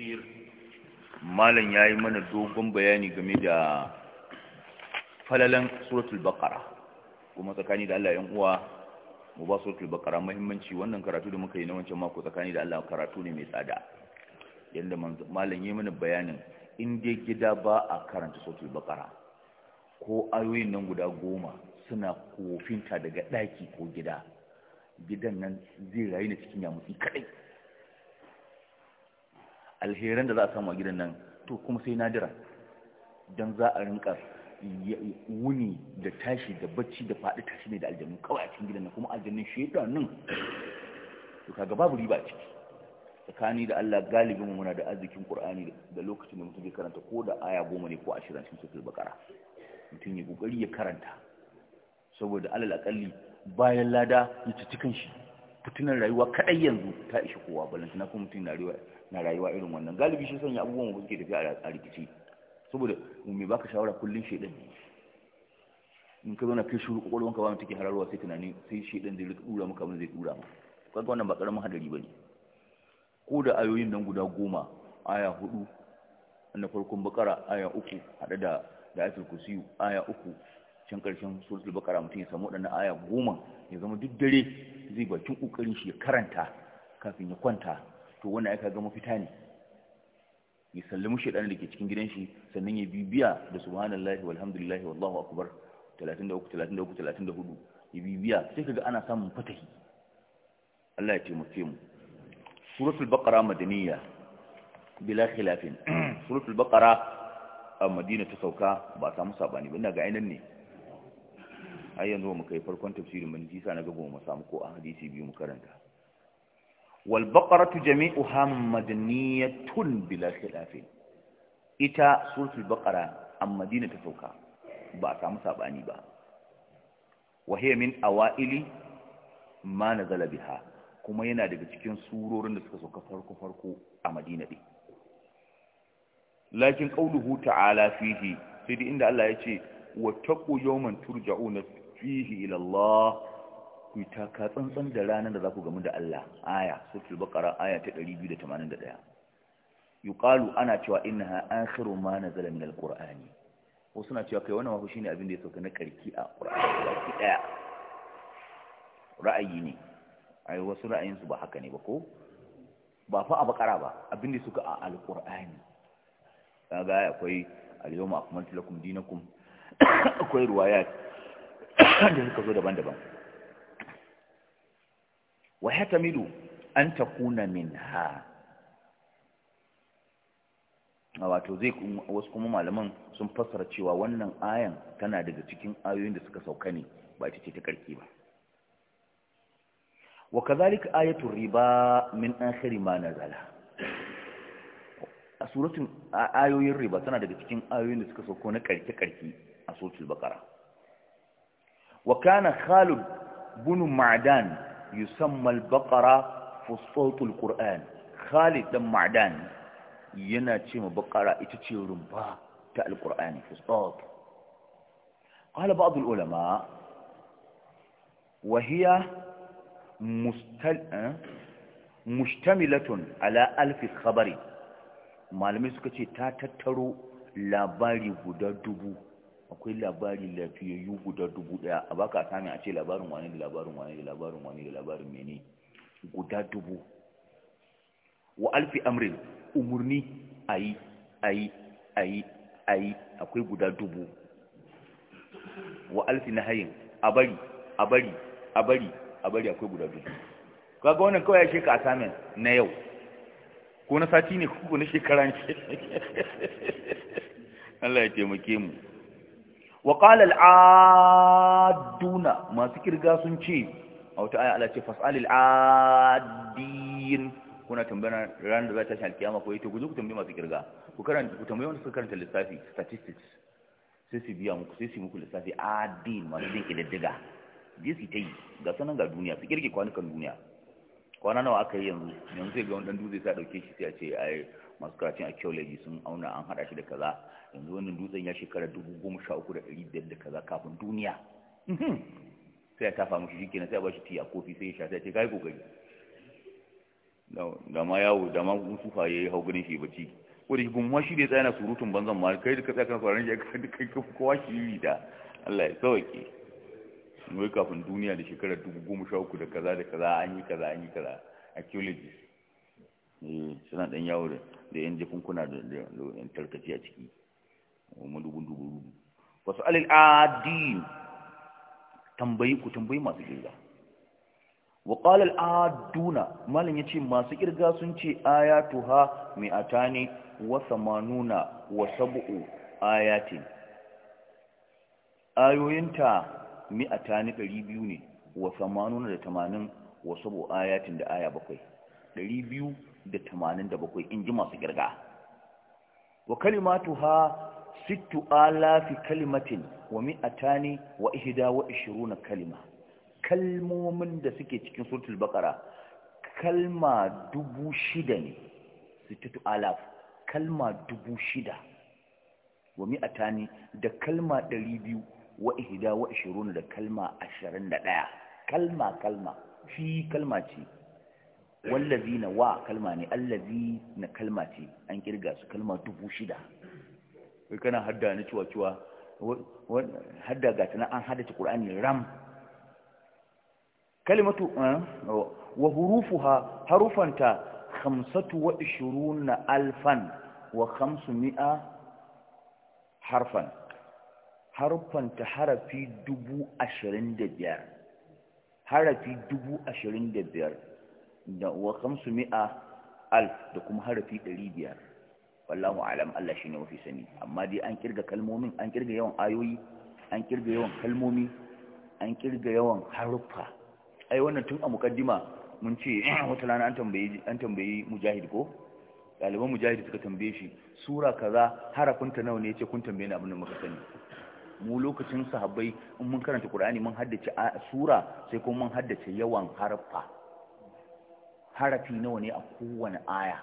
tafsir malam yi mana dogon bayani game da falalan suratul bakara kuma tsakani da Allah uwa mu ba suratul bakara muhimmanci wannan karatu da muka yi na wancan mako tsakani da Allah karatu ne mai tsada yadda malam yi mana bayanin in dai gida ba a karanta suratul bakara ko ayoyin nan guda goma suna kofinta daga ɗaki ko gida gidan nan zai rayu na cikin yamutsi kadai alheran da za a samu a gidan nan to kuma sai nadira don za a rinka wuni da tashi da bacci da faɗi tashi ne da aljanu kawai a cikin gidan nan kuma aljanun nan. to kaga babu riba a ciki tsakani da Allah galibin mu muna da arzikin Qur'ani da lokacin da mutum zai karanta ko da aya goma ne ko ashirin cikin suratul Baqara mutum ya kokari ya karanta saboda alal akalli bayan lada ya ci cikin shi fitinar rayuwa kadai yanzu ta ishi kowa balanta kuma mutum na rayuwa irin wannan galibi shi sanya abubuwan ba suke tafiya a rikici saboda mai baka shawara kullum shedan ne in ka zauna kai shuru kwakwalwan ka ba take hararwa sai tunani sai shedan zai rika dura maka abin zai dura ma kaga wannan ba karamin hadari bane ko da ayoyin nan guda goma aya hudu na farkon bakara aya uku hada da da ayatul kursiyu aya uku can karshen suratul bakara mutum ya samu waɗannan aya goma ya zama duk dare zai bakin ƙoƙarin shi ya karanta kafin ya kwanta to wanda aka ga mafita ne ya sallami shaidan da ke cikin gidan shi sannan ya bibiya da subhanallahi walhamdulillahi wallahu akbar 33 33 34 ya bibiya sai kaga ana samun fatahi Allah ya taimake mu suratul baqara madaniya bila khilafin suratul baqara a madina ta sauka ba a samu sabani ba ina ga ainihin ne har yanzu mu kai farkon tafsirin mun sa na gaba mu samu ko hadisi biyu mu karanta wal baqaratu jami'uha madaniyatun bila khilaf ita suratul baqara am madina ta sauka ba a samu sabani ba wa hiya min awaili ma nazala biha kuma yana daga cikin surorin da suka sauka farko farko a madina din lakin qauluhu ta'ala fihi sai inda Allah ya ce wa taqu yawman turja'una fihi ila Allah ku taka tsantsan da ranar da za ku gamu da Allah aya suratul baqara aya ta 281 yuqalu ana cewa innaha akhiru ma nazala min alqur'ani wasu suna cewa kai wannan wafi shine abin da ya sauka na karki a qur'ani baki daya ra'ayi ne ai wasu ra'ayin su ba haka ne ba ko ba fa a bakara ba abin da suka a alqur'ani kaga akwai al-yawma akmaltu lakum dinakum akwai riwayat da suka zo daban-daban wa ya tamilu an ta kuna min ha A wato zai wasu kuma malaman sun fassara cewa wannan ayan tana daga cikin ayoyin da suka sauka ne ba ita ce ta karki ba wa kazalika ayatu riba min akhir ma nazala a suratul ayoyin riba tana daga cikin ayoyin da suka sauko na karke karke a suratul baqara وكان خالد بن معدان يسمى البقرة في صوت القرآن خالد بن معدان يناتي بقرة اتتي رمبا تأل القرآن في الصوت قال بعض العلماء وهي مستل... أه؟ مشتملة على ألف خبر ما لم يسكتي تاتترو لا labari هدى دبو akwai labari lafiyayyu guda dubu daya a baka sami a ce labarin wani da labarin wani da labarin wani da labarin mene guda dubu wa alfi amrin umurni ayi ayi ayi ayi akwai guda dubu wa alfi nahayin a bari a bari a bari a bari akwai guda dubu kaga wannan kawai ya a sami na yau ko na sati ne ko na ne Allah ya taimake mu wa qala al masu kirga sun ce a wata aya Allah ce fas'alil adin. kuna tambayar ran da za ta tashi alkiyama ko ita ku zo ku tambaye masu kirga ku karanta ku tambaye wanda suka karanta lissafi statistics sai su biya muku sai su muku lissafi adin masu yin kididdiga je su ta yi ga sanan ga duniya su kirge kwanukan duniya kwana nawa aka yi yanzu yanzu sai ga wani dan dutse sai dauke shi sai a ce ai masu karatun archaeology sun auna an hada shi da kaza yanzu wannan dutsen ya shekara dubu goma sha uku da ɗari biyar da kaza kafin duniya mhm. sai ya tafa mushi shikenan sai ya bashi tiya kofi sai ya sha sai ya ce kai kokari da ma yawo da ma musufa ya yi hau ganin shi bacci ko da shi gumma shi ne tsaya na surutun banzan ma kai da ka tsaya kan sauran shi kai kai kowa shi yi da Allah ya sauke wai kafin duniya da shekarar dubu goma sha uku da kaza da kaza an yi kaza an yi kaza archaeologist Eh, suna ɗan yawo da yan jakunkuna da yan tarkace a ciki eh, madugun dubu wasu alil adin tambayi ku tambayi masu girga wa qala al aduna malam yace masu kirga sun ce ayatuha atani wa samanuna wa sab'u ayatin ayoyinta atani 200 ne wa samanuna da 80 wa sab'u ayatin da aya bakwai 200 da tamanin da bakwai in ji masu girga wa kalimatu ha sittu alafi kalimatin wa mi'atani wa ihda wa ishiruna kalima kalmomin da suke cikin suratul baqara kalma dubu shida ne sittu alaf kalma dubu shida wa mi'atani da kalma ɗari biyu wa ihda wa ishiruna da kalma ashirin da ɗaya kalma kalma fi kalma ce wallazi na wa kalma ne allazi na kalma ce an kirga su kalma dubu shida kai kana hadda na cewa cewa hadda ga tana an haddace qur'ani ram kalimatu eh, wa hurufuha harufanta khamsatu wa ishiruna alfan wa khamsumi'a harfan harfanta harafi dubu ashirin da biyar harafi dubu ashirin da biyar da wa kamsu mi'a alf da kuma harafi ɗari biyar wallahu alam Allah shi ne mafi sani amma dai an kirga kalmomin an kirga yawan ayoyi an kirga yawan kalmomi an kirga yawan haruffa ai wannan tun a mukaddima mun ce wata rana an tambayi an tambayi mujahid ko ɗaliban mujahid suka tambaye shi sura kaza harafinta nawa ne yace kun tambaye ni abin da muka sani mu lokacin sahabbai in mun karanta Qur'ani mun haddace sura sai kuma mun haddace yawan harfa harafi nawa ne a kowane aya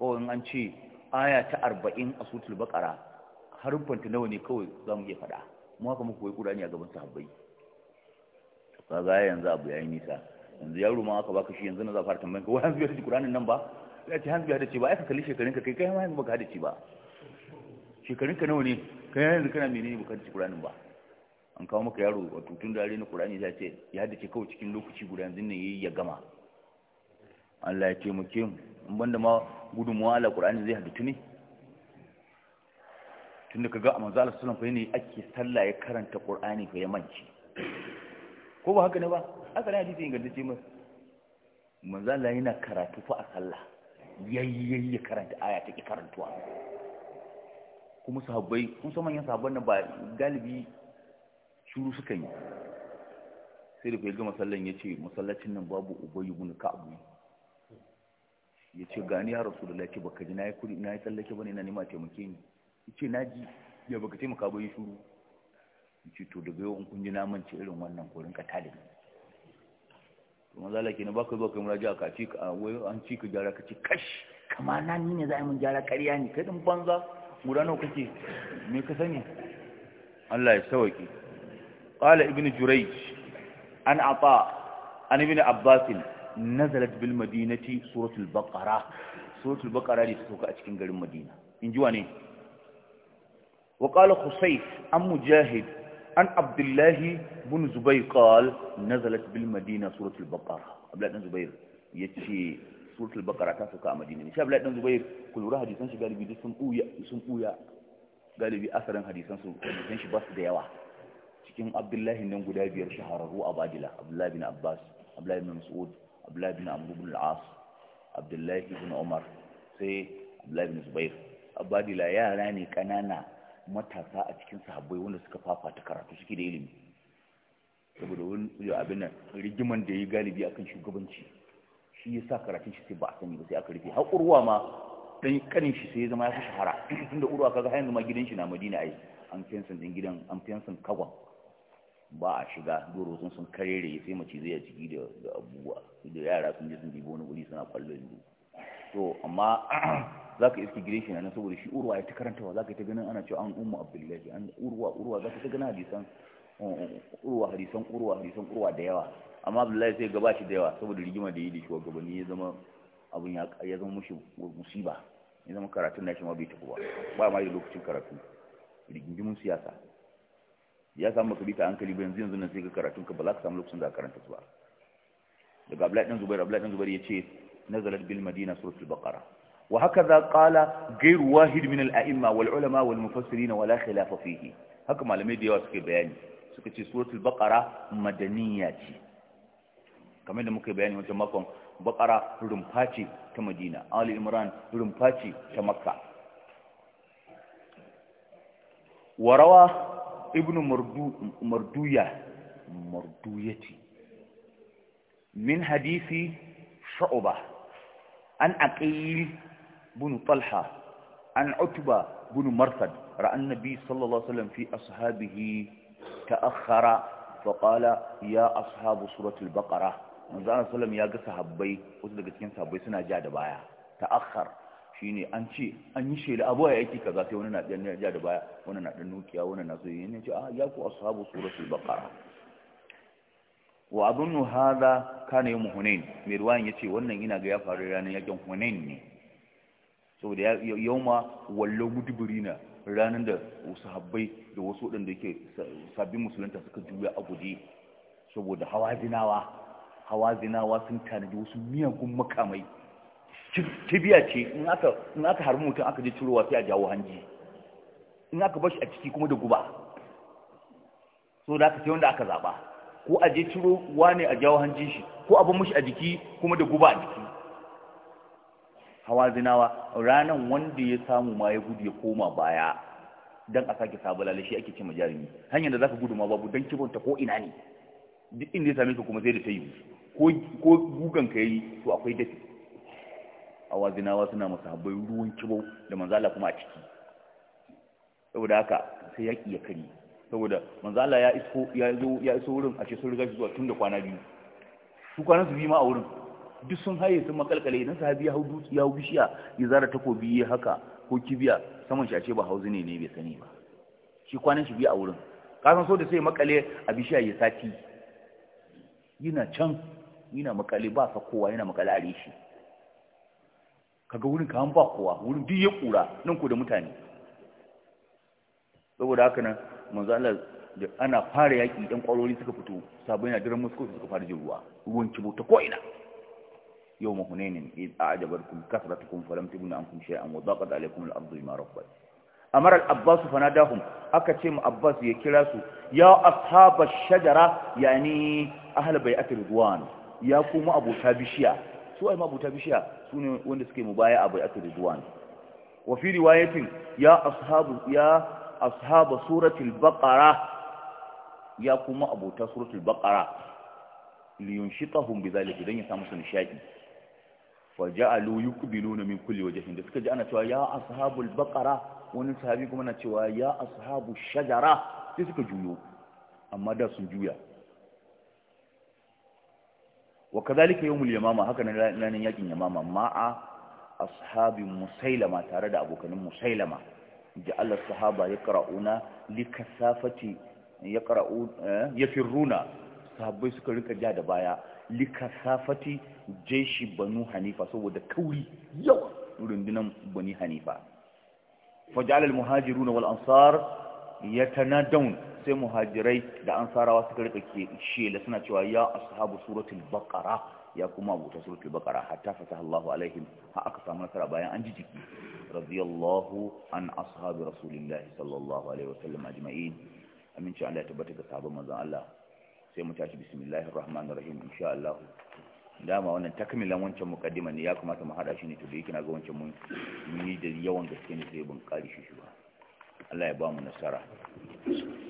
kawai an ce aya ta arba'in a sutul bakara harufanta nawa ne kawai za mu iya faɗa mu haka muku wai ƙurani a gaban sahabbai ba ga yanzu abu yayi nisa yanzu yaro ma aka baka shi yanzu na za fara tambayan ka wai hanzu ya tace ƙuranin nan ba ya ce hanzu ya ce ba ai ka kalli shekarun ka kai kai ma yanzu baka ce ba shekarun ka nawa ne kai yanzu kana menene baka hadace ƙuranin ba an kawo maka yaro a tutun dare na ƙurani ya ce ya hadace kawai cikin lokaci guda yanzu ne yayi ya gama Allah ya taimake mu in banda ma gudunmuwa Allah Qur'ani zai hadu ne tunda kaga a manzo Allah sallallahu alaihi wasallam fa ake sallah ya karanta Qur'ani fa ya manci ko ba haka ne ba aka ne hadisi ce mai manzo Allah yana karatu fa a sallah ya karanta aya ta karantuwa kuma sahabbai kun san manyan sahabban nan ba galibi shuru suka yi sai da bai gama sallan ya ce masallacin nan babu mun ka ka'ab ya ce gani ya rasu da laki baka ji na yi kuri na ya tsallake bane na nema taimake ni ya ce na ji ya baka taimaka ba yi shuru ya ce to daga yawan in kun ji na mance irin wannan ko ka tale to maza laki na baka zuwa kai muraja ka ci ka wai an ci ka gyara ka ci kash kama na ni ne za a yi mun gyara karya ne kai din banza guda nawa kake me ka sani Allah ya sauke qala ibnu jurayj an ata an ibnu abbasin nazalat bil madinati suratul baqara suratul baqara ne ta sauka a cikin garin madina in ji wane wa qala khusayf an mujahid an abdullahi bin zubair qal nazalat bil madina suratul baqara abdullahi bin zubair yace suratul baqara ta sauka a madina ne shi abdullahi bin zubair ku hadisan shi galibi sun buya sun galibi asarin hadisan su hadisan shi ba su da yawa cikin abdullahi nan guda biyar shahararru a badila abdullahi bin abbas abdullahi bin mas'ud abdullahi bin amr bin abdullahi bin umar sai abdullahi bin zubair abadila yara ne kanana matasa a cikin sahabbai wanda suka fafata karatu suke da ilimi saboda wani abin nan rigiman da ya galibi akan shugabanci shi ya sa karatun shi sai ba a sani ba sai aka rufe har urwa ma dan kanin shi sai ya zama ya fi shahara tunda urwa kaga har yanzu ma gidan shi na madina ai an fiyansan din gidan an san kagwan ba a shiga doro sun sun karere sai mace zai ciki da abubuwa da yara sun je sun dibo wani guri suna kwallon yanzu to amma za ka iske gire shi na saboda shi urwa ya ta karantawa za ka ta ganin ana cewa an umma abdullahi an urwa urwa zaka ta ganin hadisan uh, uh, urwa hadisan urwa hadisan urwa da yawa amma abdullahi sai gaba shi da yawa saboda rigima da yi da shugabanni ya zama abun ya zama mushi musiba ya zama karatun nashi ma bai tafi ba ba ma lokacin karatu rigimun siyasa ya samu ka bita hankali ba yanzu yanzu nan sai ka karatun ka ba za ka samu lokacin da karanta su ba daga Abdullahi dan Zubair Abdullahi dan Zubair yace nazalat bil Madina suratul Baqara wa hakaza qala ghayr wahid min al a'imma wal ulama wal mufassirin wala khilaf fihi haka malamai da yawa suke bayani suka ce suratul Baqara madaniya ce kamar da muka bayani wancan makon Baqara rumfa ce ta Madina Ali Imran rumfa ce ta Makka وروى ibn marduya marduyati min hadisi sha'uba an aqil bin talha an utba bin marsad ra'a annabi sallallahu alaihi wasallam fi ashabihi ta'akhkhara faqala ya ashabu suratul baqara manzo sallallahu alaihi wasallam ya ga sahabbai wasu daga cikin sahabbai suna ja da baya ta'akhkhara Shi ne an ce an yi da abuwa ya yake kaza sai wani na dan ja da baya wani na dan nukiya wani na so yin ce a ah, ya ku ashabu suratul baqara wa adunnu hada kana yawm hunain mai yace wannan ina ga ya faru ranar yakin hunain ne saboda ma wallo na ranar da sahabbai da wasu waɗanda yake sabbin musulunta suka juya a guje saboda hawa zinawa sun tanadi wasu miyagun makamai tibiya ce in aka harbi mutum aka je cirowa sai a jawo hanji in aka bashi a ciki kuma da guba so da aka sai wanda aka zaɓa ko a je ciro ne a jawo hanji shi ko a mushi a jiki kuma da guba a jiki hawa zinawa ranar wanda ya samu ma ya gudu ya koma baya don a sake sabulala shi ake ce ma jarumi hanyar da za ka gudu ma babu don kibonta ko ina ne duk inda ya same ka kuma zai da ta yi. ko gugan ka yi to akwai dafi awazinawa suna masahabbai ruwan kibau da manzala kuma a ciki saboda haka sai yaƙi ya kari saboda manzala ya iso ya zo ya iso wurin a cikin sun shi zuwa tun da kwana biyu su kwana su biyu ma a wurin duk sun haye sun makalkale idan sahabi ya hau ya hau bishiya ya zara takobi ya haka ko kibiya saman shi a ce ba hauzi ne ne bai sani ba shi kwanan shi biyu a wurin kasan so da sai makale a bishiya ya sati yana can yana makale ba sakowa kowa yana makale a reshi kaga wurin kaman ba kowa wurin duk ya kura nan ko da mutane saboda haka nan manzo Allah da ana fara yaki dan kwarori suka fito sabon yana daren musu suka fara jin ruwa ruwan kibo ta ko ina yawma hunainin iz a'jabarkum kasratukum falam an ankum shay'an wa daqat alaykum al-ardu bima rabbat amara al-abbas fanadahum aka ce mu abbas ya kira su ya ashab ash-shajara yani ahl bai'at ridwan ya kuma abota bishiya su ai mabuta bishiya su ne wanda suke mubaya baya a bai'atu ridwan wa fi riwayatin ya ashabu ya suratul baqara ya kuma abota suratul baqara liyunshitahum bidhalika dan ya samu su nishadi faja'alu yuqbiluna min kulli wajhin da suka ji ana cewa ya ashabul baqara wani sahabi kuma na cewa ya ashabu shajara sai suka juyo amma da sun juya wa kazalika yawmul yamama haka nan ranar yakin yamama ma'a ashabi musailama tare da abokanin musailama Allah sahaba yaqra'una likasafati yaqra'un eh, yafirruna sahabbai suka rika ja da baya likasafati jeshi banu hanifa saboda kauri yawa rundunan bani hanifa faja'al al muhajiruna wal ansar yatanadun sai muhajirai da ansarawa suka rika ke shela suna cewa ya ashabu suratul baqara ya kuma abuta suratul baqara hatta fataha Allahu alaihim ha aka samu nasara bayan an jijiki, jiki radiyallahu an ashabi rasulillahi sallallahu alaihi wasallam ajma'in aminci Allah ya tabbata ga sabon manzon Allah sai mu tashi bismillahir rahmanir rahim insha Allah dama wannan takmilan wancan mukaddima ne ya kamata mu hada shi ne to da yake ga wancan mun yi da yawan gaske ne sai bun kare shi shi ba Allah ya ba mu nasara